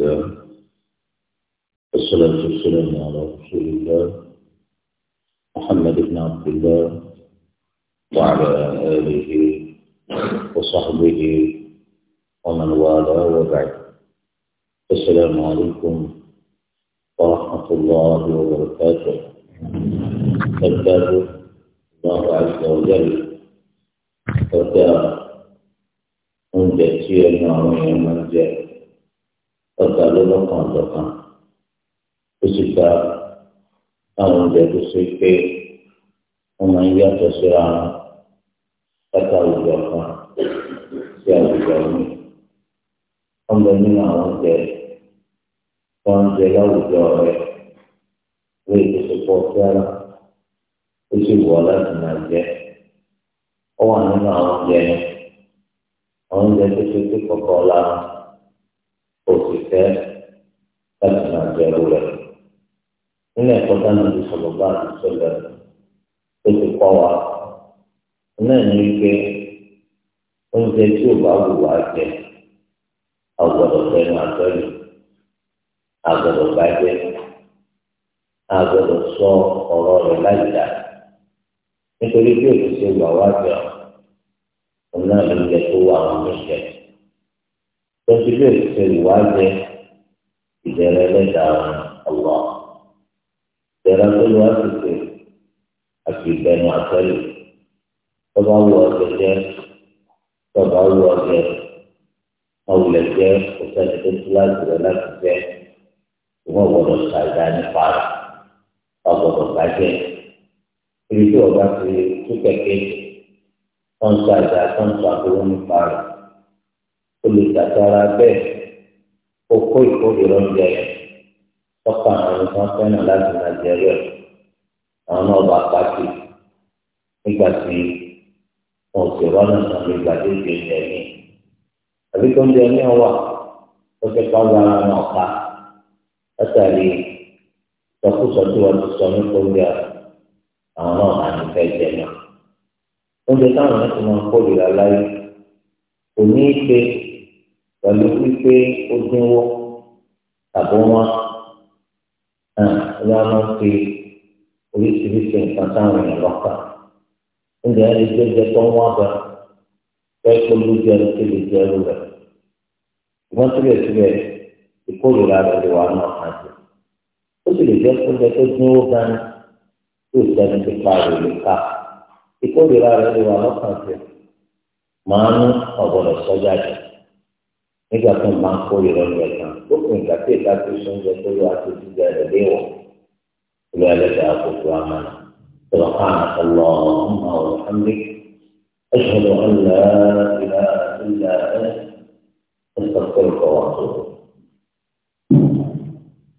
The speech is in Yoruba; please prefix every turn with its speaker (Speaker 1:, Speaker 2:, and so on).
Speaker 1: الله والصلاة والسلام على رسول الله محمد بن عبد الله وعلى آله وصحبه ومن والاه وبعد السلام عليكم ورحمة الله وبركاته الباب الله عز وجل تبدأ من تأتي المعلومة من جاء ọ̀gá lọ́lọ́kan ọ̀dọ̀kan ó sì gba àwọn oúnjẹ tó ṣe pé wọ́n máa ń yàtọ̀ síra wọn láti àwùjọ kan sí àwùjọ mi. wọ́n lọ nínú àwọn oúnjẹ wọ́n ń jẹ láwùjọ rẹ̀ lórí ìṣèpọ̀ fẹ́ràn ó sì wọ̀ láti máa jẹ. ó wà nínú àwọn oúnjẹ àwọn oúnjẹ tó ṣe pé kọ̀ọ̀kan lára òṣìṣẹ́ láti máa jẹun rẹ̀. nínú ẹ̀kọ́ dáná ti sọ̀rọ̀ bá àtúnṣẹlẹ̀ tó ti kọ́ wa náà ní wípé oúnjẹ tí ò bá wù wá jẹ àgbọ̀dọ̀ tẹnu àtọ́lù àgbọ̀dọ̀ bàjẹ́ àgbọ̀dọ̀ sọ ọ̀rọ̀ rẹ̀ láì dá nítorí bí òṣìṣẹ́ wà wá jẹun òun náà ló ń tó wà wọn ní ìjẹun tọ́sí bẹ́ẹ̀ ṣe ìwádìí ìdẹ̀rẹ̀ ẹlẹ́dàá ọlọ́ ìdẹ̀rẹ̀ pẹ̀lú àtúntò àti ìbẹ̀nu àtẹ́lẹ̀ tọ́ba wù ọ̀gẹ̀ jẹ́ tọ́ba wù ọ̀gẹ̀ ọ̀wùlẹ̀ jẹ́ òṣèlú tó ti láti rẹ̀ láti jẹ́ ìwọ́n gbọ́dọ̀ ṣàìdá nípa rẹ̀ ọ̀gbọ̀dọ̀ bàjẹ́ ibi tí ọba ti tú kẹ̀kẹ́ tó ń ṣàìdá tó ń nípa rẹ̀ ó lè tàtàrà bẹ́ẹ̀ ó kó ìkórìíra oúnjẹ yẹn tọ́ka àwọn nǹkan fẹ́ràn láti nàìjíríà àwọn náà bá pàṣẹ nígbà tí wọn ò sì rọ́nà náà lè gbàdé ìdè oúnjẹ yìí àbí tó oúnjẹ yìí wà ó ti pa wà náà ká látàrí ìsọkúsọ tí wọn ti sọ nípa oúnjẹ àwọn náà máa ń fẹ́ jẹ náà oúnjẹ táwọn náà ti máa ń kórìíra láyé kò ní í ṣe pẹ̀lú wípé ó dínwó tàbí wọn ẹ̀ẹ́dá máa ń fi oríṣiríṣi nǹkan sáwọn èèyàn lọ́kàn oúnjẹ ẹni tó jẹ tó ń wá bá fẹ́ kó ló jẹ ẹni tó lè jẹ ẹrú rẹ̀ ṣùgbọ́n síbẹ̀síbẹ̀ ìkórìíra rẹ̀ lè wà náà kan jù ó sì lè jẹ́ oúnjẹ tó dínwó gan tó sẹ́ni tó pa rè lè ká ìkórìíra rẹ̀ lè wà lọ́kàn jù màánú ọ̀gbọ̀dọ̀ sọ́jà jù. nígbà tó máa ń kó ìrọ̀lẹ́ kan ó kún ìgbà tí ìta tó sóúnjẹ tó lọ́wọ́ tó ti jẹ́ rẹ̀ léwọ̀ olú ẹlẹ́dàá àkókò àmàlà سبحانك اللهم وبحمدك أشهد أن لا